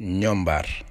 Ñombar